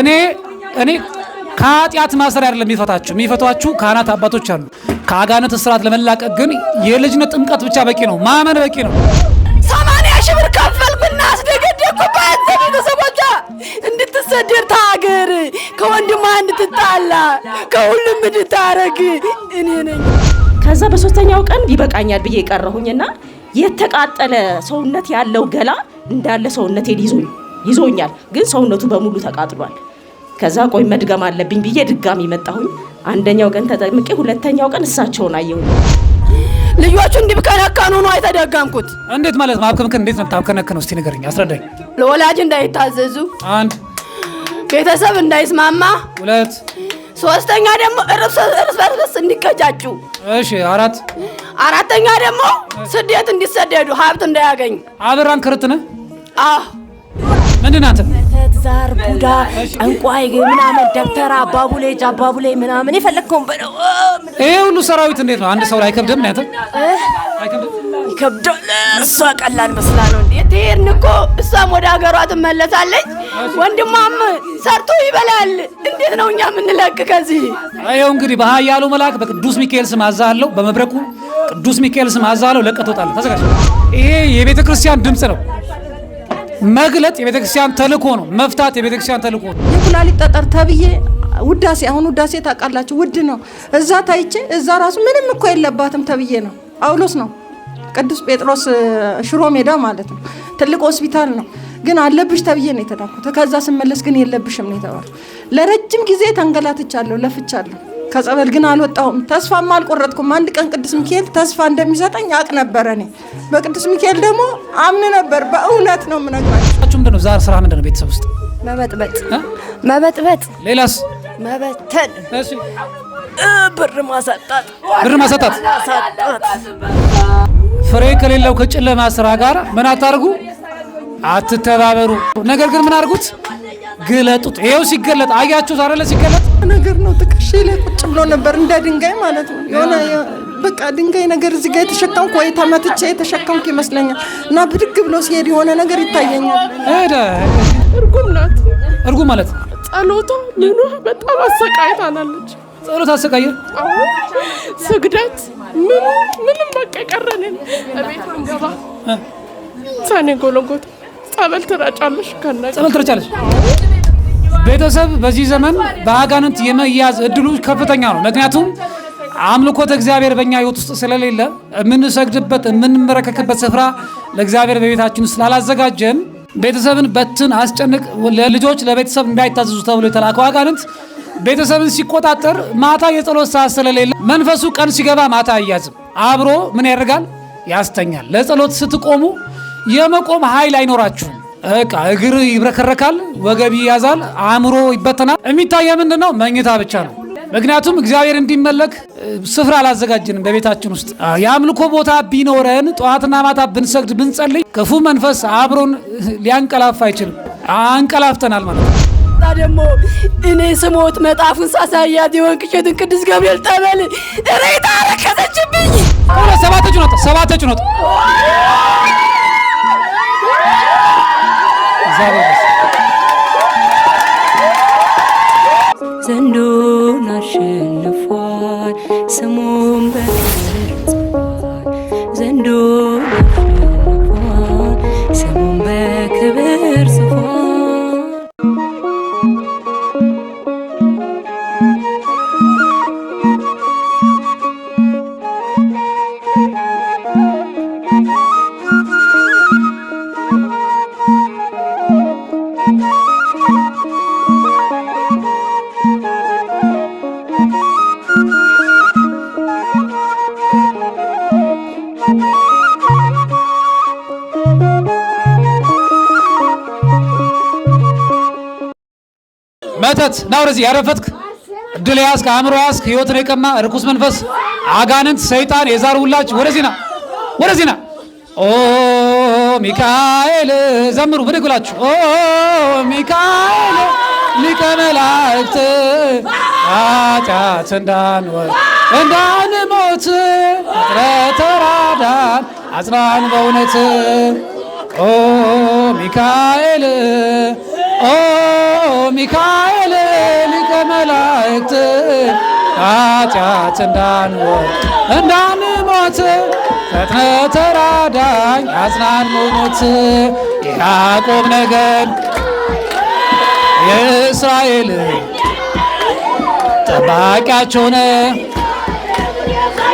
እኔ እኔ ከኃጢአት ማሰሪያ አይደለም የሚፈታችሁ። የሚፈቷችሁ ካህናት አባቶች አሉ። ከአጋነት እስራት ለመላቀቅ ግን የልጅነት ጥምቀት ብቻ በቂ ነው፣ ማመን በቂ ነው። ሰማንያ ሺህ ብር ከፈልኩና አስደገደኩባት ቤተሰቦቿ እንድትሰደር ታገር፣ ከወንድማ እንድትጣላ፣ ከሁሉም እንድታረግ እኔ ነኝ። ከዛ በሶስተኛው ቀን ይበቃኛል ብዬ ቀረሁኝና የተቃጠለ ሰውነት ያለው ገላ እንዳለ ሰውነቴን ይዞኛል፣ ግን ሰውነቱ በሙሉ ተቃጥሏል። ከዛ ቆይ መድገም አለብኝ ብዬ ድጋሚ መጣሁኝ። አንደኛው ቀን ተጠምቄ ሁለተኛው ቀን እሳቸውን አየሁ። ልጆቹ እንዲብከነከኑ ነው የተደገምኩት። እንዴት ማለት ማብከምከን እንዴት ነው የምታብከነከነው? እስቲ ንገረኝ፣ አስረዳኝ። ለወላጅ እንዳይታዘዙ፣ አንድ ቤተሰብ እንዳይስማማ፣ ሁለት ሶስተኛ ደግሞ እርስ በርስ እንዲቀጫጩ። እሺ፣ አራት አራተኛ ደግሞ ስደት እንዲሰደዱ፣ ሀብት እንዳያገኝ። አብራን ክርትነ ነህ? ምንድን ናት? ዛር ቡዳ ጠንቋይ ምናምን ደብተራ አባቡሌ ጃባቡሌ ምናምን የፈለግከውን በለው። ይሄ ሁሉ ሰራዊት እንዴት ነው አንድ ሰው ላይ አይከብድም? ናያተ ይከብዳል። እሷ ቀላል መስላ ነው እንዴ ትሄድን እኮ እሷም ወደ ሀገሯ ትመለሳለች። ወንድሟም ሰርቶ ይበላል። እንዴት ነው እኛ የምንለቅ ከዚህ? ይኸው እንግዲህ በኃያሉ መልአክ በቅዱስ ሚካኤል ስም አዛለሁ፣ በመብረቁ ቅዱስ ሚካኤል ስም አዛለሁ። ለቀህ ትወጣለህ። ተዘጋጅ። ይሄ የቤተ ክርስቲያን ድምፅ ነው። መግለጥ የቤተክርስቲያን ተልእኮ ነው። መፍታት የቤተክርስቲያን ተልእኮ ነው። የኩላሊት ጠጠር ተብዬ ውዳሴ አሁን ውዳሴ ታውቃላችሁ፣ ውድ ነው። እዛ ታይቼ እዛ ራሱ ምንም እኮ የለባትም ተብዬ ነው። ጳውሎስ ነው ቅዱስ ጴጥሮስ ሽሮ ሜዳ ማለት ነው። ትልቅ ሆስፒታል ነው፣ ግን አለብሽ ተብዬ ነው የተዳኩት። ከዛ ስመለስ ግን የለብሽም ነው የተባለው። ለረጅም ጊዜ ተንገላትቻለሁ፣ ለፍቻለሁ። ከጸበል ግን አልወጣሁም። ተስፋም አልቆረጥኩም። አንድ ቀን ቅዱስ ሚካኤል ተስፋ እንደሚሰጠኝ አቅ ነበረ። እኔ በቅዱስ ሚካኤል ደግሞ አምን ነበር። በእውነት ነው የምነግራቸው። ምንድን ነው ዛሬ ስራ ምንድን ነው? ቤተሰብ ውስጥ መበጥበጥ፣ መበጥበጥ፣ ሌላስ መበተን፣ ብር ማሳጣት፣ ብር ማሳጣት። ፍሬ ከሌለው ከጨለማ ስራ ጋር ምን አታርጉ፣ አትተባበሩ። ነገር ግን ምን አድርጉት ግለጡት። ይኸው ሲገለጥ አያችሁት አይደለ? ሲገለጥ ነገር ነው። ትከሻ ላይ ቁጭ ብሎ ነበር እንደ ድንጋይ ማለት ነው የሆነ በቃ ድንጋይ ነገር እዚህ ጋር የተሸከምኩ ወይ ተመትቼ የተሸከምኩ ይመስለኛል። እና ብድግ ብሎ ሲሄድ የሆነ ነገር ይታየኛል። እርጉም ናት። እርጉም ማለት ጸሎቷ ምኑ በጣም አሰቃይታናለች። ጸሎት አሰቃየ፣ ስግደት ምኑ ምንም በቃ ቀረንን። ቤት ንገባ ሳኔ ጎለጎት ጸበል ትረጫለሽ፣ ከነ ጸበል ትረጫለሽ ቤተሰብ በዚህ ዘመን በአጋንንት የመያዝ እድሉ ከፍተኛ ነው። ምክንያቱም አምልኮት እግዚአብሔር በእኛ ህይወት ውስጥ ስለሌለ የምንሰግድበት የምንመረከክበት ስፍራ ለእግዚአብሔር በቤታችን ስላላዘጋጀን ቤተሰብን በትን አስጨንቅ ለልጆች ለቤተሰብ እንዳይታዘዙ ተብሎ የተላከው አጋንንት ቤተሰብን ሲቆጣጠር ማታ የጸሎት ሰዓት ስለሌለ መንፈሱ ቀን ሲገባ ማታ አያዝም፣ አብሮ ምን ያደርጋል? ያስተኛል። ለጸሎት ስትቆሙ የመቆም ኃይል አይኖራችሁም። እቃ እግር ይብረከረካል፣ ወገብ ይያዛል፣ አእምሮ ይበተናል። የሚታየ ምንድን ነው? መኝታ ብቻ ነው። ምክንያቱም እግዚአብሔር እንዲመለክ ስፍራ አላዘጋጅንም በቤታችን ውስጥ። የአምልኮ ቦታ ቢኖረን ጠዋትና ማታ ብንሰግድ ብንጸልይ፣ ክፉ መንፈስ አብሮን ሊያንቀላፍ አይችልም። አንቀላፍተናል ማለት ነው። ደግሞ እኔ ስሞት መጣፉን ሳሳያት የሆን ቅሸትን ቅዱስ ገብርኤል ጠበል ሬታ ረከሰችብኝ። ሰባት ጭኖት ሰባት ጭኖት ዘንዶን አሸንፏል ስሙም አባት ና ወደዚህ ያረፈትክ እድል ያስክ አእምሮ ያስክ ህይወትን የቀማ ርኩስ መንፈስ አጋንንት ሰይጣን የዛር ሁላችሁ ወደዚህ ና ወደዚህ ና። ኦ ሚካኤል ዘምሩ ብድግ ብላችሁ ኦ ሚካኤል ሊቀ መላእክት ኃጢአት እንዳንወድ እንዳንሞት ረተራዳን አጽናን በእውነት ኦ ሚካኤል ኦ ሚካኤል መላእክት ኃጢአት እንዳንሞት እንዳንሞት ፈጥነ ተራዳኝ አጽናን ሙት የያዕቆብ ነገድ የእስራኤል ጠባቂያቸው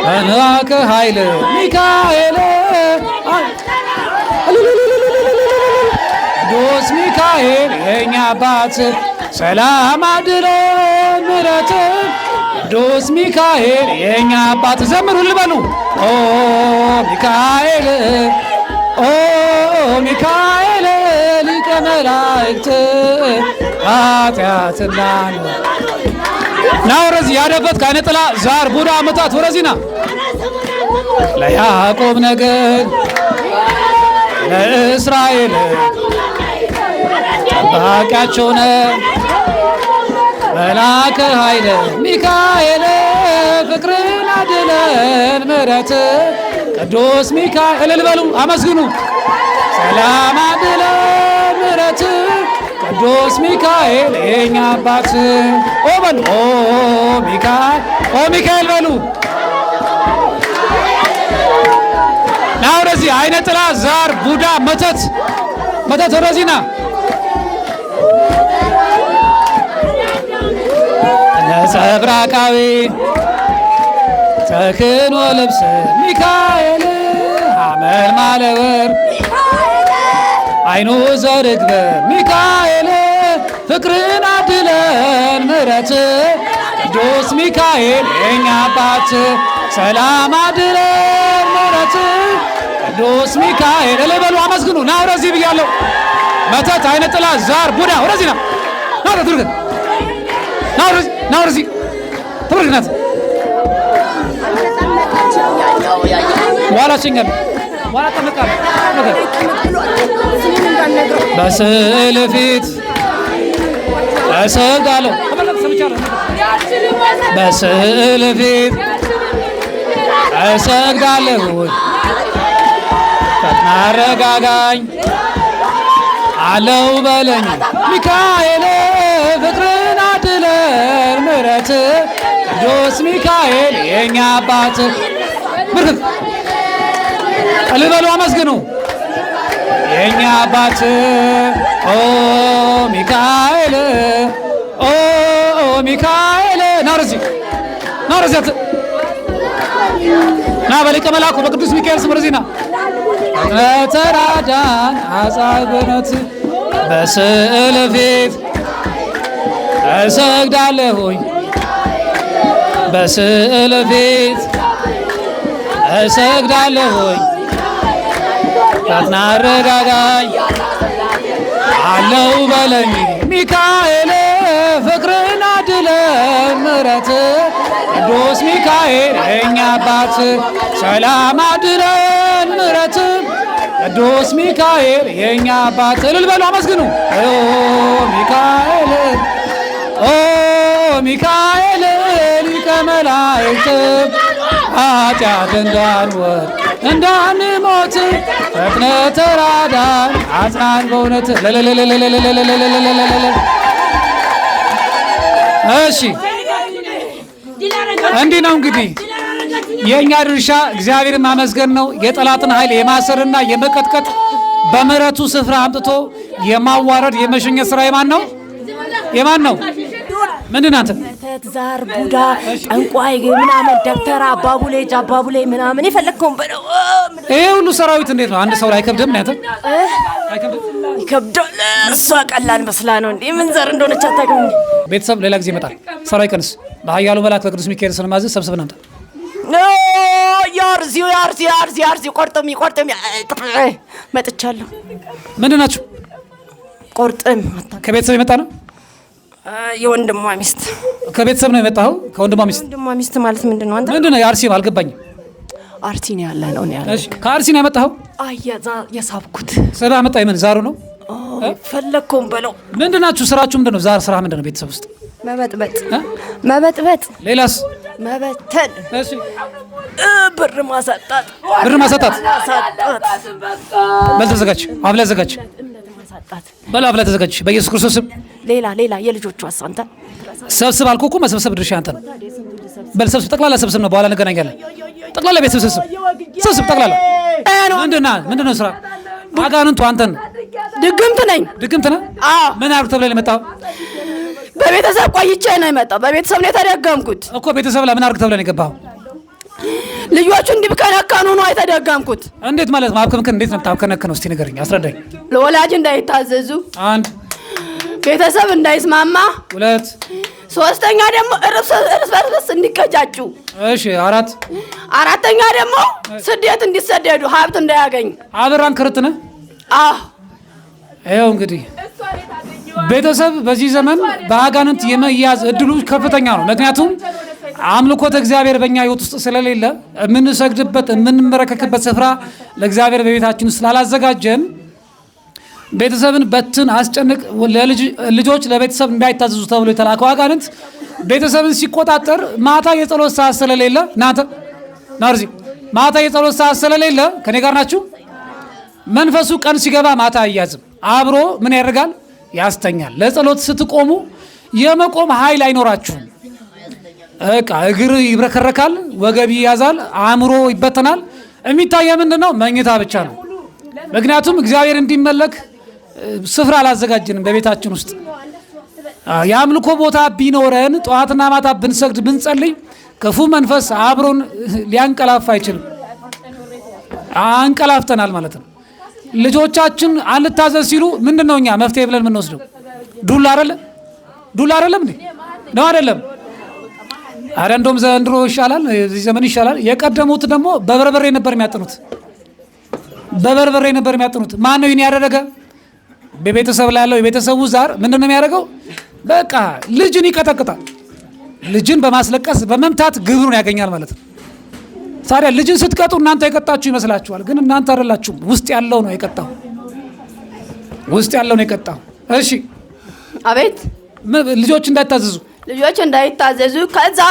መልአከ ኃይል ሚካኤል ቅዱስ ሚካኤል የእኛ አባት ሰላም አድሎ ምረት ቅዱስ ሚካኤል የኛ አባት ዘምሩ ልበሉ። ኦ ሚካኤል ኦ ሚካኤል ሊቀ መላእክት ኃጢአትና ና ወረዚ ያደበት ካይነ ጥላ ዛር ቡዳ አመታት ወረዚና ለያዕቆብ ነገድ ለእስራኤል ጠባቂያቸው ነ መልአከ ኃይለ ሚካኤል ፍቅርን አድለን ምረት ቅዱስ ሚካኤል እልልበሉ አመስግኑ ሰላም አድለን ምረት ቅዱስ ሚካኤል የኛ አባት ኦ በሉ ኦ ሚካኤል ኦ ሚካኤል በሉ ና ወደዚህ አይነ ጥላ ዛር ቡዳ መተት መተት ወደዚህ ና ነጸብራቃዊ ተክኖ ልብስ ሚካኤል አመል ማለወር አይኑ ዘርግበ ሚካኤል ፍቅርን አድለን ምረት ቅዱስ ሚካኤል የኛ አባት ሰላም አድለን ምረት ቅዱስ ሚካኤል ለበሉ አመስግኑ ና ወደዚህ ብያለሁ። መተት አይነ ጥላ ዛር ቡዳ ወደዚህ ና ና ወደዚህ ና ወደዚህ ትብርክናት በኋላ ጭኛል በኋላ ጠመቃል በስዕል ፊት እሰግዳለሁ በስዕል ፊት እሰግዳለሁ ፈጥና አረጋጋኝ አለው በለኝ ሚካኤል ፍቅር ታድለን ምረት ቅዱስ ሚካኤል የኛ አባት ምርት ቀልበሉ አመስግኑ የኛ አባት ኦ ሚካኤል ኦ ሚካኤል ናርዚ ናርዚያት ና በሊቀ መላኩ በቅዱስ ሚካኤል ስም ርዚና ነተራዳን አጻብነት በስዕል ፊት እሰግዳለሁኝ በስዕል ፊት እሰግዳለሁኝ ናረጋጋኝ አለው በለኝ ሚካኤል ፍቅርና አድለ ምረት ቅዱስ ሚካኤል የኛ አባት ሰላም አድለን ምረት ቅዱስ ሚካኤል የእኛ አባት እልል በሉ አመስግኑ ሚካኤል ኦ ሚካኤል ሊቀ መላእክት ኃጢአትን እንዳንወድ እንዳንሞት ፈጥነ ተራዳን አጽናን በእውነት እሺ እንዲህ ነው እንግዲህ የእኛ ድርሻ እግዚአብሔር ማመስገን ነው። የጠላትን ኃይል የማሰርና የመቀጥቀጥ በምሕረቱ ስፍራ አምጥቶ የማዋረድ የመሸኘት ስራ የማን ነው? የማን ነው? ምንድን አንተ መተት፣ ዛር፣ ቡዳ፣ ጠንቋይ ምናምን ደብተራ፣ አባቡሌ፣ ጃባቡሌ ምናምን የፈለግከውን በለው። ይሄ ሁሉ ሰራዊት እንዴት ነው አንድ ሰው ላይ ይከብዳል። እሷ ቀላል መስላ ነው እንዴ? ምን ዘር እንደሆነች አታውቅም። ቤተሰብ ሌላ ጊዜ ይመጣል። ሰራዊት ቀንስ። በሀያሉ መልአክ በቅዱስ ሚካኤል ሰብስብን ያርዚ ያርዚ ያርዚ ያርዚ ቆርጥም ቆርጥም መጥቻለሁ። ምንድን ናችሁ? ቆርጥም ከቤተሰብ የመጣ ነው የወንድሟ ሚስት ከቤተሰብ ነው የመጣኸው? ከወንድሟ ሚስት ወንድሟ ሚስት ማለት ምንድን ነው? አንተ ምንድን ነው የአርሲ ነው? አልገባኝም። አርሲ ነው ያለ ነው ያለ። ከአርሲ ነው የመጣኸው? የሳብኩት ስራ መጣ። የምን ዛሩ ነው ፈለግከውም በለው። ምንድን ስራችሁ? ምንድን ነው ዛር ስራ ምንድን ነው? ቤተሰብ ውስጥ መበጥበጥ መበጥበጥ፣ ሌላስ? መበተን፣ ብር ማሳጣት፣ ብር ማሳጣት። መልስ ተዘጋጅ፣ አብላ ዘጋጅ ሳጣት በላፍ ላይ ተዘጋጅ። በኢየሱስ ክርስቶስ ሌላ ሌላ የልጆቹ አንተ ሰብስብ አልኩ እኮ መሰብሰብ ድርሻ አንተ ነው። በል ሰብስብ፣ ጠቅላላ ሰብስብ ነው። በኋላ እንገናኛለን። ጠቅላላ ቤት ስብስብ ስብስብ፣ ጠቅላላ ምንድና ምንድነው ስራ አጋንንቱ አንተ ነው። ድግምት ነኝ ድግምት ነህ። ምን አርግ ተብለ የመጣው በቤተሰብ ቆይቼ ነው የመጣው። በቤተሰብ ነው የተደገምኩት እኮ ቤተሰብ ለምን አርግ ተብለ ነው የገባው ልጆቹ እንዲብከነከኑ ነው የተደገምኩት። እንዴት ማለት ማብከምከን? እንዴት ነው የምታብከነከነው? እስቲ ንገረኝ፣ አስረዳኝ። ለወላጅ እንዳይታዘዙ፣ አንድ ቤተሰብ እንዳይስማማ፣ ሁለት ሶስተኛ ደግሞ እርስ በርስ እንዲቀጫጩ፣ እሺ አራት አራተኛ ደግሞ ስደት እንዲሰደዱ፣ ሀብት እንዳያገኝ አብራን ክርትነ ነህ? አዎ ይኸው እንግዲህ ቤተሰብ በዚህ ዘመን በአጋንንት የመያዝ እድሉ ከፍተኛ ነው። ምክንያቱም አምልኮት እግዚአብሔር በእኛ ህይወት ውስጥ ስለሌለ የምንሰግድበት የምንመረከክበት ስፍራ ለእግዚአብሔር በቤታችን ስላላዘጋጀን ቤተሰብን በትን አስጨንቅ፣ ልጆች ለቤተሰብ እንዳይታዘዙ ተብሎ የተላከው አጋንንት ቤተሰብን ሲቆጣጠር ማታ የጸሎት ሰዓት ስለሌለ ናተ ናርዚ ማታ የጸሎት ሰዓት ስለሌለ ከኔ ጋር ናችሁ። መንፈሱ ቀን ሲገባ ማታ አያዝም፣ አብሮ ምን ያደርጋል ያስተኛል። ለጸሎት ስትቆሙ የመቆም ኃይል አይኖራችሁም። በቃ እግር ይብረከረካል፣ ወገብ ይያዛል፣ አእምሮ ይበተናል። የሚታየ ምንድን ነው? መኝታ ብቻ ነው። ምክንያቱም እግዚአብሔር እንዲመለክ ስፍራ አላዘጋጀንም በቤታችን ውስጥ። የአምልኮ ቦታ ቢኖረን ጠዋትና ማታ ብንሰግድ ብንጸልይ፣ ክፉ መንፈስ አብሮን ሊያንቀላፍ አይችልም። አንቀላፍተናል ማለት ነው። ልጆቻችን አልታዘዝ ሲሉ ምንድን ነው እኛ መፍትሄ ብለን የምንወስደው? ዱላ አደለ? ዱላ አደለም ነው አደለም? አረ እንደውም ዘንድሮ ይሻላል፣ እዚህ ዘመን ይሻላል። የቀደሙት ደግሞ በበርበሬ ነበር የሚያጥኑት፣ በበርበሬ ነበር የሚያጥኑት። ማን ነው ይህን ያደረገ? በቤተሰብ ላይ ያለው የቤተሰቡ ዛር ምንድን ነው የሚያደርገው? በቃ ልጅን ይቀጠቅጣል። ልጅን በማስለቀስ በመምታት ግብሩን ያገኛል ማለት ነው። ታዲያ ልጅን ስትቀጡ እናንተ የቀጣችሁ ይመስላችኋል፣ ግን እናንተ አይደላችሁም። ውስጥ ያለው ነው የቀጣው። ውስጥ ያለው ነው የቀጣው። እሺ፣ አቤት። ልጆች እንዳይታዘዙ ልጆች እንዳይታዘዙ ከዛ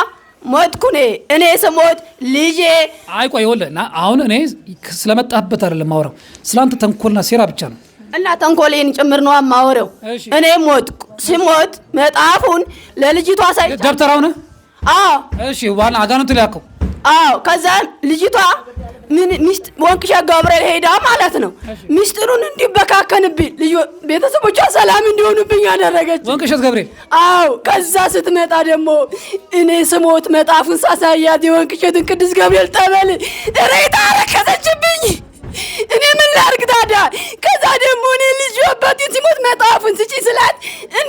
ሞትኩ እኔ እኔ ስሞት ልጄ አይቆይ ወለና አሁን እኔ ስለመጣህበት አይደለም ማውራው ስለአንተ ተንኮልና ሴራ ብቻ ነው እና ተንኮሌን ጭምር ነው የማወራው እኔ ሞት ሲሞት መጣፉን ለልጅቷ ሳይ ደብተራው ነህ አዎ እሺ ዋና አጋንንት ሊያከው አዎ ከዛ ልጅቷ ወንቅሻ ገብርኤል ሄዳ ማለት ነው ሚስጥሩን እንዲበካከንብኝ ቤተሰቦቿ ሰላም እንዲሆኑብኝ አደረገች። ወንቅሸት ገብርኤል አዎ። ከዛ ስትመጣ ደግሞ እኔ ስሞት መጣፉን ሳሳያት የወንቅሸትን ቅዱስ ገብርኤል ጠበል ሬታ አለቀሰችብኝ። እኔ ምን ላድርግ ታዲያ? ከዛ ደግሞ እኔ ልጅ አባቴን ሲሞት መጽሐፉን ስላት እኔ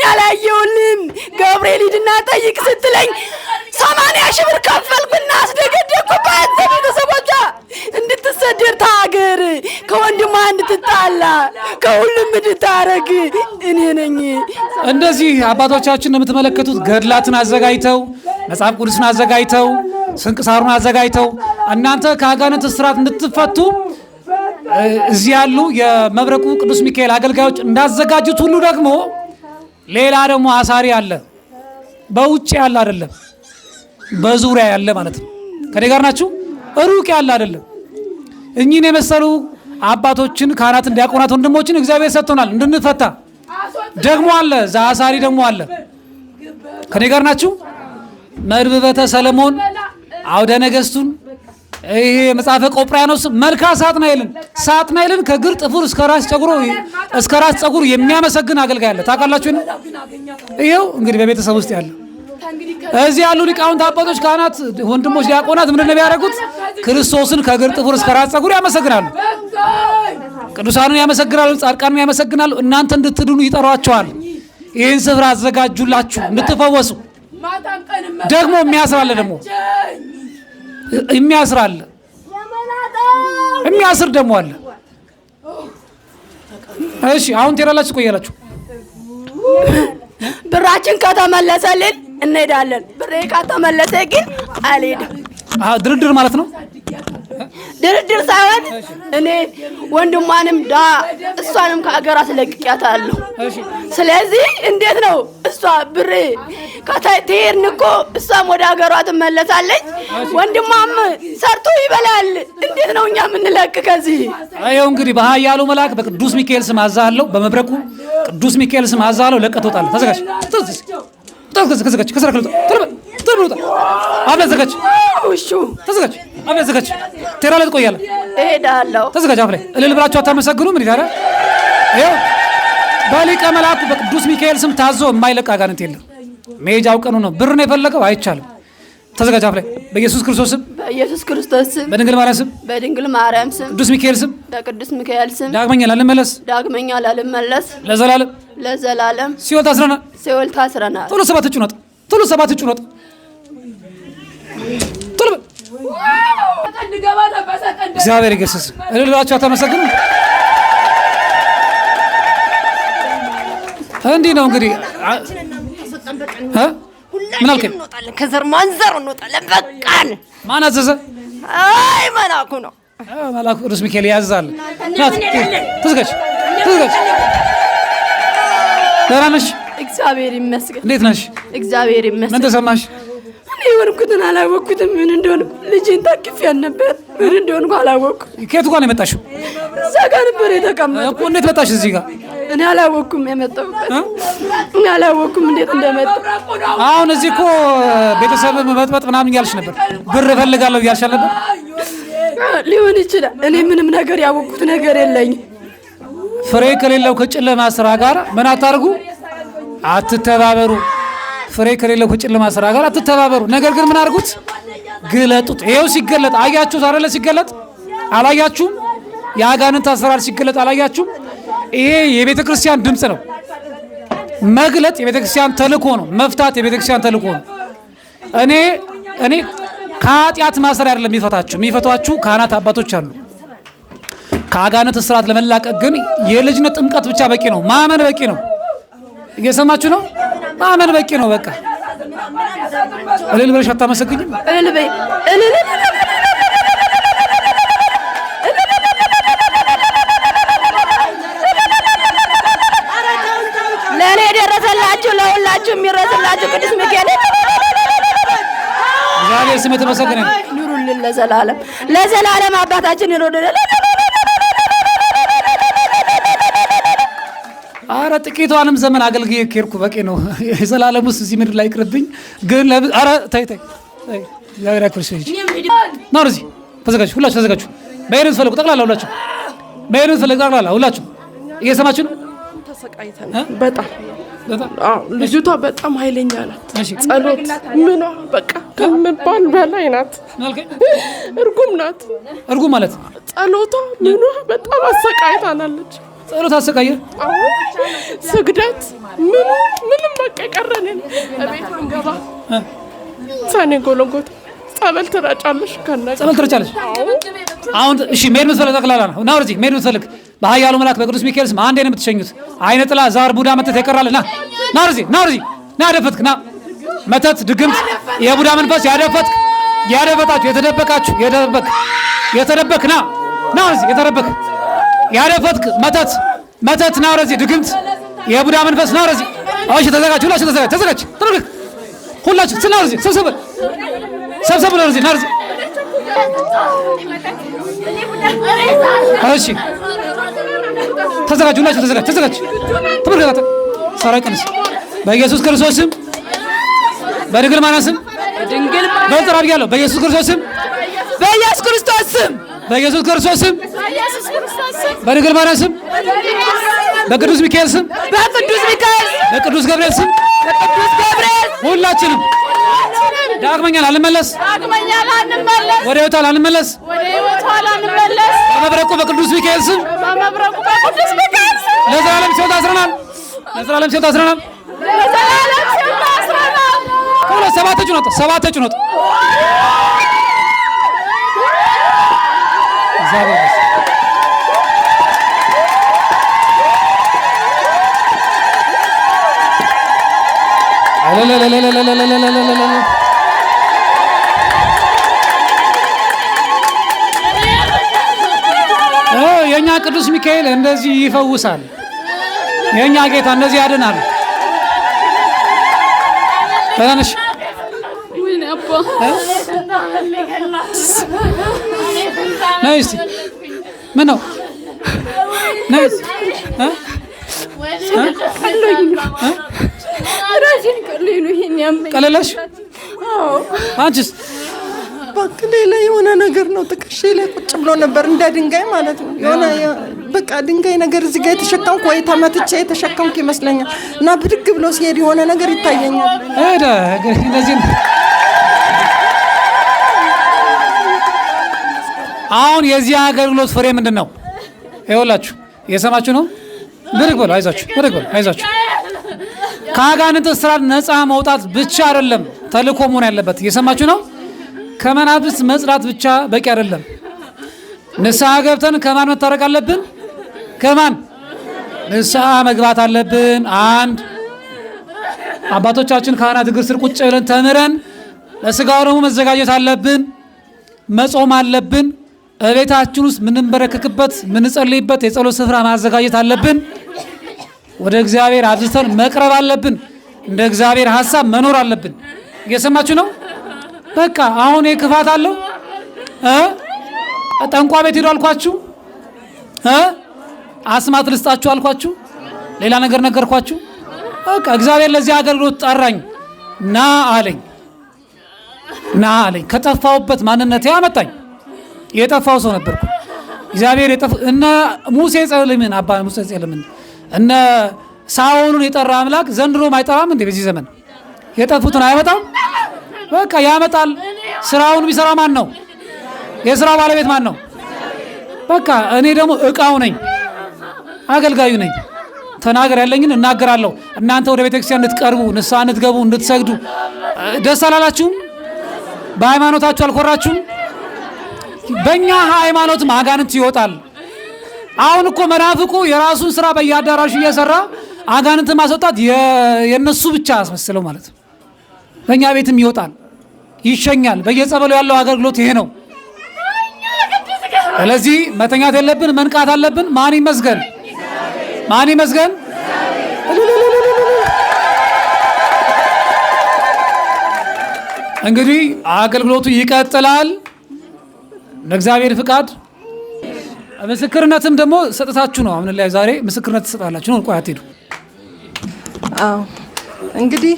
ገብርኤል ሂድና ጠይቅ ስትለኝ ሰማንያ ሺህ ብር ከፈልኩና አስደገደኩባት። ቤተሰቦቿ ታገር፣ ከወንድሟ እንድትጣላ፣ ከሁሉም እንድታረግ እኔ ነኝ። እንደዚህ አባቶቻችን ገድላትን አዘጋጅተው መጽሐፍ ቅዱስን አዘጋጅተው ስንክሳሩን አዘጋጅተው እናንተ ከአጋንንት እስራት እንድትፈቱ እዚህ ያሉ የመብረቁ ቅዱስ ሚካኤል አገልጋዮች እንዳዘጋጁት ሁሉ ደግሞ ሌላ ደግሞ አሳሪ አለ። በውጭ ያለ አይደለም፣ በዙሪያ ያለ ማለት ነው። ከኔ ጋር ናችሁ። ሩቅ ያለ አይደለም። እኚህን የመሰሉ አባቶችን ካህናትን፣ ዲያቆናት ወንድሞችን እግዚአብሔር ሰጥቶናል እንድንፈታ። ደግሞ አለ እዛ አሳሪ ደግሞ አለ። ከኔ ጋር ናችሁ። መርብበተ ሰለሞን አውደ ነገስቱን ይሄ መጽሐፈ ቆጵርያኖስ መልካ ሳጥናኤልን ሳጥናኤልን ከግር ጥፍር እስከ ራስ ጸጉሩ እስከ ራስ ጸጉሩ የሚያመሰግን አገልጋይ አለ። ታውቃላችሁ? ይኸው እንግዲህ በቤተሰብ ውስጥ ያለ እዚህ ያሉ ሊቃውንት አባቶች፣ ካህናት፣ ወንድሞች፣ ዲያቆናት ምንድን ነው የሚያደርጉት? ክርስቶስን ከግር ጥፍር እስከ ራስ ጸጉር ያመሰግናሉ። ቅዱሳንን ያመሰግናሉ። ጻድቃንን ያመሰግናሉ። እናንተ እንድትድኑ ይጠሯቸዋል። ይህን ስፍራ አዘጋጁላችሁ እንድትፈወሱ ደግሞ የሚያስራለ ደግሞ የሚያስር አለ፣ የሚያስር ደግሞ አለ። እሺ አሁን ትሄዳላችሁ፣ ቆያላችሁ። ብራችን ከተመለሰልን እንሄዳለን። ብሬ ከተመለሰ ግን አልሄድም። ድርድር ማለት ነው። ድርድር ሳይሆን እኔ ወንድሟንም ዳ እሷንም ከሀገር አስለቅቂያታለሁ። ስለዚህ እንዴት ነው እሷ ብሬ ከትሄድን እኮ እሷም ወደ ሀገሯ ትመለሳለች፣ ወንድሟም ሰርቶ ይበላል። እንዴት ነው እኛ የምንለቅ ከዚህ? ይኸው እንግዲህ በኃያሉ መልአክ በቅዱስ ሚካኤል ስም አዛለሁ፣ በመብረቁ ቅዱስ ሚካኤል ስም አዛለሁ። ለቀቶታል። ተዘጋጅ ተዘጋጅ ከስራ ክልውጣ ተለብልውጣ አብላ ተዘጋጅ ተዘጋጅ አብላ ተዘጋጅ ቴራ ላይ ትቆያለህ እሄዳለሁ ተዘጋጅ አፍ ላይ እልል ብላችሁ አታመሰግኑ ምን ይላል በሊቀ መልአኩ በቅዱስ ሚካኤል ስም ታዞ የማይለቅ አጋንንት የለም መሄጃ አውቀኑ ነው ብር ነው የፈለገው አይቻልም ተዘጋጅ አፍ ላይ በኢየሱስ ክርስቶስ ስም በኢየሱስ ክርስቶስ ስም በድንግል ማርያም ስም በድንግል ማርያም ስም ቅዱስ ሚካኤል ስም በቅዱስ ሚካኤል ስም ዳግመኛ ላልመለስ ዳግመኛ ላልመለስ ለዘላለም ለዘላለም ሲኦል ታስረናል። ሲኦል ታስረናል። ቶሎ ሰባት እጩ ነጥ ቶሎ ሰባት እጩ ነጥ ቶሎ እግዚአብሔር ይገስጽ። እልል ብላችሁ አታመሰግኑ። እንዲህ ነው እንግዲህ ምን አልከኝ? ከዘር ማንዘር እንወጣለን። በቃን። ማን አዘዘ? አይ መላኩ ነው። መላኩ ቅዱስ ሚካኤል ያዛል። ተዘጋጅ፣ ተዘጋጅ ደህና ነሽ? እግዚአብሔር ይመስገን። እንዴት ነሽ? እግዚአብሔር ይመስገን። ምን ተሰማሽ? እኔ የሆንኩትን አላወቅኩትም። ምን እንደሆን ልጄን ታቅፌያት ነበር። ምን እንደሆንኩ አላወቅኩም። ከየት ጋር ነው የመጣሽው? እዛ ጋር ነበር የተቀመጥኩት እኮ። እንዴት መጣሽ እዚህ ጋር? እኔ አላወቅኩም የመጣሁበት። እኔ አላወቅኩም እንዴት እንደመጣ። አሁን እዚህ እኮ ቤተሰብ መጥመጥ ምናምን እያልሽ ነበር፣ ብር እፈልጋለሁ እያልሽ ነበር። ሊሆን ይችላል። እኔ ምንም ነገር ያወቅኩት ነገር የለኝም ፍሬ ከሌለው ከጨለማ ስራ ጋር ምን አታርጉ፣ አትተባበሩ። ፍሬ ከሌለው ከጨለማ ስራ ጋር አትተባበሩ። ነገር ግን ምን አድርጉት? ግለጡት። ይሄው ሲገለጥ አያችሁት አይደለ? ሲገለጥ አላያችሁም? የአጋንንት አሰራር ሲገለጥ አላያችሁም? ይሄ የቤተ ክርስቲያን ድምፅ ነው። መግለጥ የቤተ ክርስቲያን ተልእኮ ነው። መፍታት የቤተ ክርስቲያን ተልእኮ ነው። እኔ እኔ ከኃጢአት ማሰሪያ አይደለም የሚፈታችሁ። የሚፈቷችሁ ካህናት አባቶች አሉ። ከአጋንንት እስራት ለመላቀቅ ግን የልጅነት ጥምቀት ብቻ በቂ ነው። ማመን በቂ ነው። እየሰማችሁ ነው። ማመን በቂ ነው። በቃ እልል ብለሽ አታመሰግኝም? ለእኔ የደረሰላችሁ ለሁላችሁ የሚረስላችሁ ቅዱስ ሚካኤል እግዚአብሔር ስም የተመሰገነ ይኑሩልን ለዘላለም ለዘላለም አባታችን ይኑሩልን። አረ ጥቂቷንም ዘመን አገልግዬ ኬርኩ በቂ ነው። የዘላለም ውስጥ እዚህ ምድር ላይ ቅርብኝ ግን አረ ተይ ተይ ተዘጋጁ፣ ሁላችሁ ተዘጋጁ። መሄድን ትፈልጉ ጠቅላላ ሁላችሁ መሄድን ትፈልጉ ጠቅላላ ሁላችሁ እየሰማችሁ ነው። በጣም ልጅቷ በጣም ኃይለኛ ናት። ጸሎት ምኗ በቃ ከምባል በላይ ናት። እርጉም ናት። እርጉም ማለት ጸሎቷ ምኗ በጣም አሰቃይታናለች። ጸሎት አሰቃየ ስግደት ምንም ምንም በቃ የቀረንን ቤት አንገባ ሳኔ ጎለጎት ጸበል ትረጫለሽ ከነ ጸበል ትረጫለሽ። አሁን እሺ መሄድ የምትፈልግ ጠቅላላ ነው እና ወደዚህ መሄድ የምትፈልግ በኃያሉ መልአክ በቅዱስ ሚካኤል ስም አንዴ ነው የምትሸኙት። አይነ ጥላ ዛር ቡዳ መተት ያቀራል ና ና ወደዚህ ና ወደዚህ ና ያደፈትክ ና መተት ድግምት የቡዳ መንፈስ ያደፈትክ ያደፈጣችሁ የተደበቃችሁ የተደበቅ የተደበክ ና ና ወደዚህ የተደበክ ያረፈትክ መተት መተት ናረዚ ድግምት የቡዳ መንፈስ ናረዚ ወደዚህ። እሺ ተዘጋጅ፣ ሁላችሁ ተዘጋጅ፣ ተዘጋጅ፣ ተዘጋጅ፣ ሁላችሁ ስና ሰብሰብ፣ ሰብሰብ ናረዚ ናረዚ ና ወደዚህ። እሺ ተዘጋጅ፣ ሁላችሁ ተዘጋጅ፣ ተዘጋጅ፣ ተመልከታ ሰራ ይቀንስ በኢየሱስ ክርስቶስ በድንግል ማርያም ስም በድንግል በኢየሱስ ክርስቶስ ስም በኢየሱስ ክርስቶስ ስም በኢየሱስ ክርስቶስም በድንግል ማርያም ስም፣ በቅዱስ ሚካኤል ስም፣ በቅዱስ ሚካኤል፣ በቅዱስ ገብርኤል ስም፣ በቅዱስ ገብርኤል ሁላችንም ዳግመኛ ላንመለስ፣ ዳግመኛ ላንመለስ፣ ወደ ሕይወቷ ላንመለስ፣ ወደ ሕይወቷ ላንመለስ፣ በመብረቁ በቅዱስ ሚካኤል ስም፣ በመብረቁ በቅዱስ ሚካኤል ስም ለዘላለም ሲወት አስረናል፣ ለዘላለም ሲወት አስረናል፣ ለዘላለም ሲወት አስረናል። ሁሉ ሰባተቹ ነው፣ ሰባት ሰባተቹ ነው። የእኛ ቅዱስ ሚካኤል እንደዚህ ይፈውሳል። የእኛ ጌታ እንደዚህ ያድናል። ተናነሽ ምን ነው? ነይ ቀለለሽ? አንቺስ? ባክ ሌላ የሆነ ነገር ነው። ጥቅሽ ላይ ቁጭ ብሎ ነበር እንደ ድንጋይ ማለት ነው። የሆነ በቃ ድንጋይ ነገር እዚህ ጋር የተሸከምኩ ወይ ተመትቼ የተሸከምኩ ይመስለኛል። እና ብድግ ብሎ ሲሄድ የሆነ ነገር ይታየኛል። አሁን የዚህ አገልግሎት ፍሬ ምንድን ነው? ይኸውላችሁ እየሰማችሁ ነው። ብድግ ብሎ አይዛችሁ ብድግ ብሎ አይዛችሁ ከአጋንንት እስራት ነፃ መውጣት ብቻ አይደለም ተልእኮ መሆን ያለበት። እየሰማችሁ ነው። ከመናፍስት መጽዳት ብቻ በቂ አይደለም። ንስሐ ገብተን ከማን መታረቅ አለብን? ከማን ንስሐ መግባት አለብን። አንድ አባቶቻችን ካህናት እግር ስር ቁጭ ብለን ተምረን ለስጋው ደግሞ መዘጋጀት አለብን። መጾም አለብን። እቤታችን ውስጥ ምንበረከክበት ምንጸልይበት የጸሎት ስፍራ ማዘጋጀት አለብን። ወደ እግዚአብሔር አብዝተን መቅረብ አለብን። እንደ እግዚአብሔር ሀሳብ መኖር አለብን። እየሰማችሁ ነው? በቃ አሁን የክፋት አለው ጠንቋ ቤት ሄዱ አልኳችሁ፣ አስማት ልስጣችሁ አልኳችሁ፣ ሌላ ነገር ነገርኳችሁ። በቃ እግዚአብሔር ለዚህ አገልግሎት ጠራኝ። ና አለኝ፣ ና አለኝ። ከጠፋሁበት ማንነቴ አመጣኝ። የጠፋው ሰው ነበርኩ። እግዚአብሔር እና ሙሴ ጸልምን አባ ሙሴ ጸልምን እነ ሳኦልን የጠራ አምላክ ዘንድሮም አይጠራም እንዴ? በዚህ ዘመን የጠፉትን አያመጣም? በቃ ያመጣል። ስራውን ቢሰራ ማን ነው? የስራው ባለቤት ማን ነው? በቃ እኔ ደግሞ እቃው ነኝ፣ አገልጋዩ ነኝ። ተናገር ያለኝን እናገራለሁ። እናንተ ወደ ቤተክርስቲያን እንድትቀርቡ፣ ንስሓ እንድትገቡ፣ እንድትሰግዱ ደስ አላላችሁም? በሃይማኖታችሁ አልኮራችሁም? በእኛ ሃይማኖትም አጋንንት ይወጣል። አሁን እኮ መናፍቁ የራሱን ስራ በየአዳራሹ እየሰራ አጋንንት ማስወጣት የነሱ ብቻ አስመስለው ማለት ነው። በእኛ ቤትም ይወጣል፣ ይሸኛል። በየጸበሉ ያለው አገልግሎት ይሄ ነው። ስለዚህ መተኛት የለብን፣ መንቃት አለብን። ማን ይመስገን? ማን ይመስገን? እንግዲህ አገልግሎቱ ይቀጥላል እንደ እግዚአብሔር ፍቃድ ምስክርነትም ደግሞ ሰጥታችሁ ነው። አሁን ላይ ዛሬ ምስክርነት ትሰጣላችሁ ነው። ቆይ አትሄዱ። አዎ እንግዲህ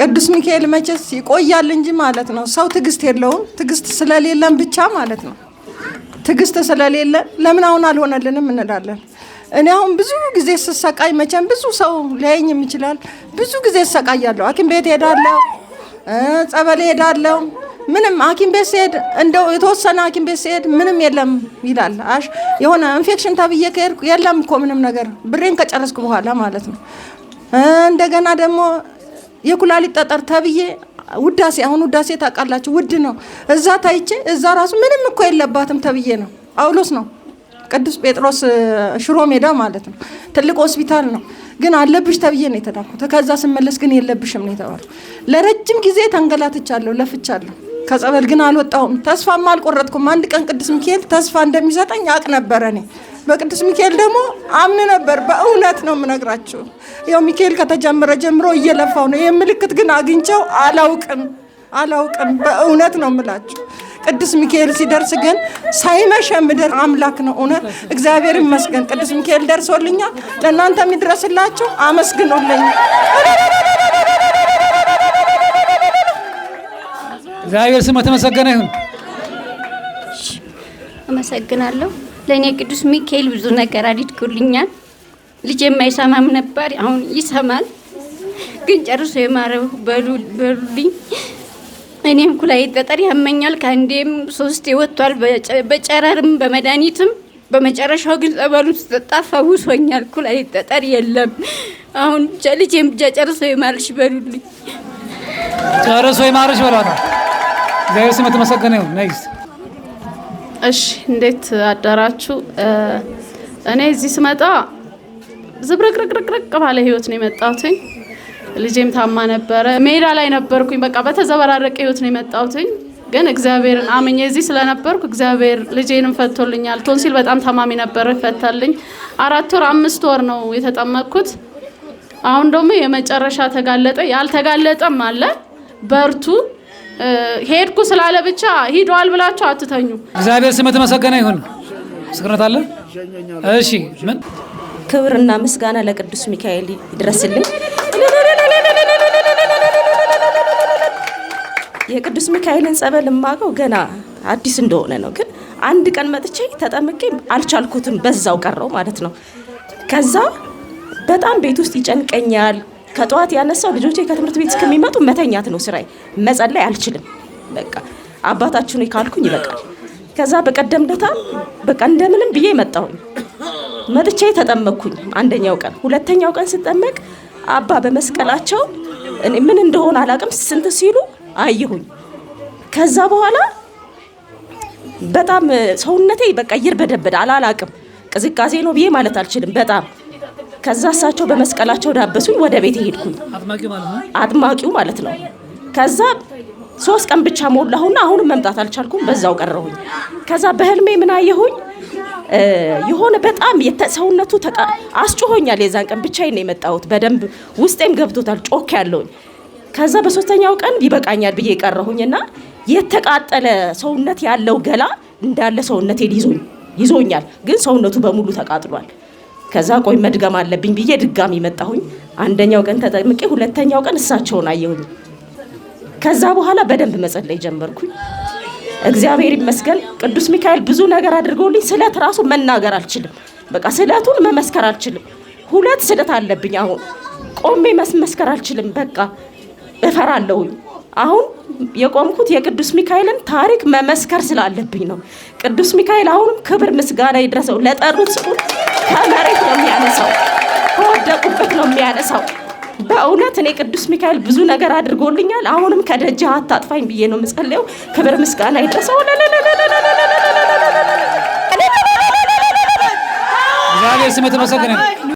ቅዱስ ሚካኤል መቼስ ይቆያል እንጂ ማለት ነው። ሰው ትዕግስት የለውም። ትዕግስት ስለሌለን ብቻ ማለት ነው። ትዕግስት ስለሌለን ለምን አሁን አልሆነልንም እንላለን። እኔ አሁን ብዙ ጊዜ ስሰቃይ መቼም ብዙ ሰው ሊያየኝም ይችላል። ብዙ ጊዜ እሰቃያለሁ። ሐኪም ቤት ሄዳለሁ፣ ጸበል ሄዳለሁ ምንም ሐኪም ቤት ሲሄድ እንደው የተወሰነ ሐኪም ቤት ምንም የለም ይላል። አሽ የሆነ ኢንፌክሽን ተብዬ ከሄድኩ የለም እኮ ምንም ነገር ብሬን ከጨረስኩ በኋላ ማለት ነው። እንደገና ደግሞ የኩላሊት ጠጠር ተብዬ ውዳሴ፣ አሁን ውዳሴ ታውቃላችሁ ውድ ነው። እዛ ታይቼ እዛ ራሱ ምንም እኮ የለባትም ተብዬ ነው። ጳውሎስ ነው ቅዱስ ጴጥሮስ ሽሮ ሜዳ ማለት ነው። ትልቅ ሆስፒታል ነው። ግን አለብሽ ተብዬ ነው የተዳኩት። ከዛ ስመለስ ግን የለብሽም ነው የተባለው። ለረጅም ጊዜ ተንገላትቻለሁ፣ ለፍቻለሁ። ከጸበል ግን አልወጣሁም። ተስፋም አልቆረጥኩም። አንድ ቀን ቅዱስ ሚካኤል ተስፋ እንደሚሰጠኝ አቅ ነበረ። እኔ በቅዱስ ሚካኤል ደግሞ አምን ነበር። በእውነት ነው የምነግራችሁ። ያው ሚካኤል ከተጀመረ ጀምሮ እየለፋው ነው። ይህ ምልክት ግን አግኝቸው አላውቅም አላውቅም። በእውነት ነው የምላችሁ። ቅዱስ ሚካኤል ሲደርስ ግን ሳይመሸ ምድር አምላክ ነው። እውነት እግዚአብሔር ይመስገን። ቅዱስ ሚካኤል ደርሶልኛል። ለእናንተ የሚድረስላችሁ። አመስግኑልኝ። እግዚአብሔር ስም የተመሰገነ ይሁን። አመሰግናለሁ። ለእኔ ቅዱስ ሚካኤል ብዙ ነገር አድርጎልኛል። ልጅ የማይሰማም ነበር፣ አሁን ይሰማል። ግን ጨርሶ የማረው በሉልኝ። እኔም ኩላሊት ጠጠር ያመኛል። ከአንዴም ሶስት ይወጥቷል፣ በጨረርም በመድኃኒትም በመጨረሻው ግን ጸበሉ ስጠጣ ፈውሶኛል። ኩላሊት ጠጠር የለም። አሁን ብቻ ልጄም ብቻ ጨርሶ ይማርሽ በሉልኝ። ጨርሶ ይማርሽ በሏታል። እግዚአብሔር ስም የተመሰገነ ይሁን። ነይስ እሺ፣ እንዴት አዳራችሁ? እኔ እዚህ ስመጣ ዝብርቅርቅርቅ ባለ ህይወት ነው የመጣሁትኝ። ልጄም ታማ ነበረ፣ ሜዳ ላይ ነበርኩኝ። በቃ በተዘበራረቀ ህይወት ነው የመጣሁትኝ። ግን እግዚአብሔርን አምኜ እዚህ ስለነበርኩ እግዚአብሔር ልጄንም ፈቶልኛል። ቶንሲል በጣም ታማሚ ነበረ፣ ፈታልኝ። አራት ወር አምስት ወር ነው የተጠመቅኩት። አሁን ደግሞ የመጨረሻ ተጋለጠ። ያልተጋለጠም አለ። በርቱ ሄድኩ ስላለ ብቻ ሂዷል ብላችሁ አትተኙ። እግዚአብሔር ስም የተመሰገነ ይሁን። ምስክርነት አለ። እሺ ምን ክብርና ምስጋና ለቅዱስ ሚካኤል ይድረስልኝ። የቅዱስ ሚካኤልን ጸበል የማውቀው ገና አዲስ እንደሆነ ነው። ግን አንድ ቀን መጥቼ ተጠምቄ አልቻልኩትም፣ በዛው ቀረው ማለት ነው። ከዛ በጣም ቤት ውስጥ ይጨንቀኛል ከጠዋት ያነሳው ልጆቼ ከትምህርት ቤት እስከሚመጡ መተኛት ነው ስራዬ። መጸለይ አልችልም። በቃ አባታችሁ ነው ካልኩኝ ይበቃል። ከዛ በቀደም ለታ በቃ እንደምንም ብዬ መጣሁኝ። መጥቼ ተጠመቅኩኝ አንደኛው ቀን። ሁለተኛው ቀን ስጠመቅ አባ በመስቀላቸው እኔ ምን እንደሆነ አላቅም ስንት ሲሉ አየሁኝ። ከዛ በኋላ በጣም ሰውነቴ በቃ ይርበደበደ አላላቅም። ቅዝቃዜ ነው ብዬ ማለት አልችልም በጣም ከዛ እሳቸው በመስቀላቸው ዳበሱኝ። ወደ ቤት ሄድኩኝ። አጥማቂው ማለት ነው። ከዛ ሶስት ቀን ብቻ ሞላሁና አሁንም መምጣት አልቻልኩም። በዛው ቀረሁኝ። ከዛ በህልሜ ምን አየሁኝ? የሆነ በጣም ሰውነቱ አስጮሆኛል። የዛን ቀን ብቻዬን ነው የመጣሁት። በደንብ ውስጤም ገብቶታል። ጮክ ያለውኝ ከዛ በሶስተኛው ቀን ይበቃኛል ብዬ ቀረሁኝና የተቃጠለ ሰውነት ያለው ገላ እንዳለ ሰውነቴን ይዞኛል። ግን ሰውነቱ በሙሉ ተቃጥሏል። ከዛ ቆይ መድገም አለብኝ ብዬ ድጋሚ መጣሁኝ። አንደኛው ቀን ተጠምቄ ሁለተኛው ቀን እሳቸውን አየሁኝ። ከዛ በኋላ በደንብ መጸለይ ጀመርኩኝ። እግዚአብሔር ይመስገን ቅዱስ ሚካኤል ብዙ ነገር አድርገውልኝ ስለት ራሱ መናገር አልችልም። በቃ ስለቱን መመስከር አልችልም። ሁለት ስለት አለብኝ። አሁን ቆሜ መስመስከር አልችልም። በቃ እፈራለሁኝ። አሁን የቆምኩት የቅዱስ ሚካኤልን ታሪክ መመስከር ስላለብኝ ነው። ቅዱስ ሚካኤል አሁንም ክብር ምስጋና ይድረሰው። ለጠሩት ስሙ ከመሬት ነው የሚያነሳው፣ ከወደቁበት ነው የሚያነሳው። በእውነት እኔ ቅዱስ ሚካኤል ብዙ ነገር አድርጎልኛል። አሁንም ከደጃ አታጥፋኝ ብዬ ነው የምጸልየው። ክብር ምስጋና ይድረሰው። ዛሬ ስም የተመሰገነ